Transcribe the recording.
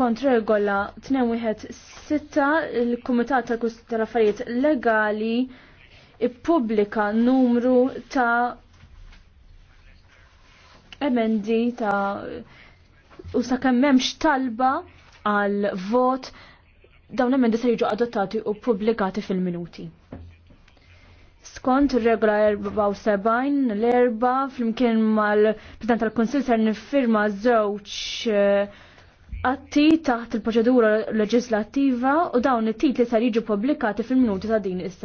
Kontra regola 6 il-Kumitat tal-Affarijiet Legali ippubblika numru ta' emendi ta' u sa' kemmemx talba għal vot dawn emendi se jiġu adottati u pubblikati fil-minuti. Skont regola 74 l-erba fl-imkien mal-President tal-Konsil ser nifirma żewġ eh, atti taħt il-proċedura leġislattiva u dawn it-titli sar jiġu pubblikati fil-minuti ta' din is